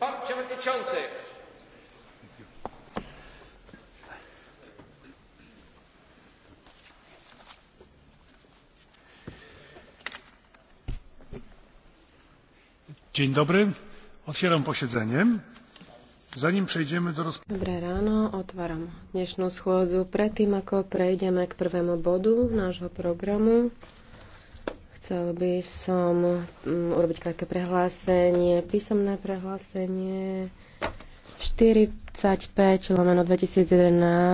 Pan przewodniczący. Dzień dobry. Otwieram posiedzenie. Zanim przejdziemy do roz... Dobré ráno, otváram dnešnú schôdzu. Predtým, ako prejdeme k prvému bodu nášho programu, Chcel by som mm, urobiť krátke prehlásenie, písomné prehlásenie 45 lomeno 2011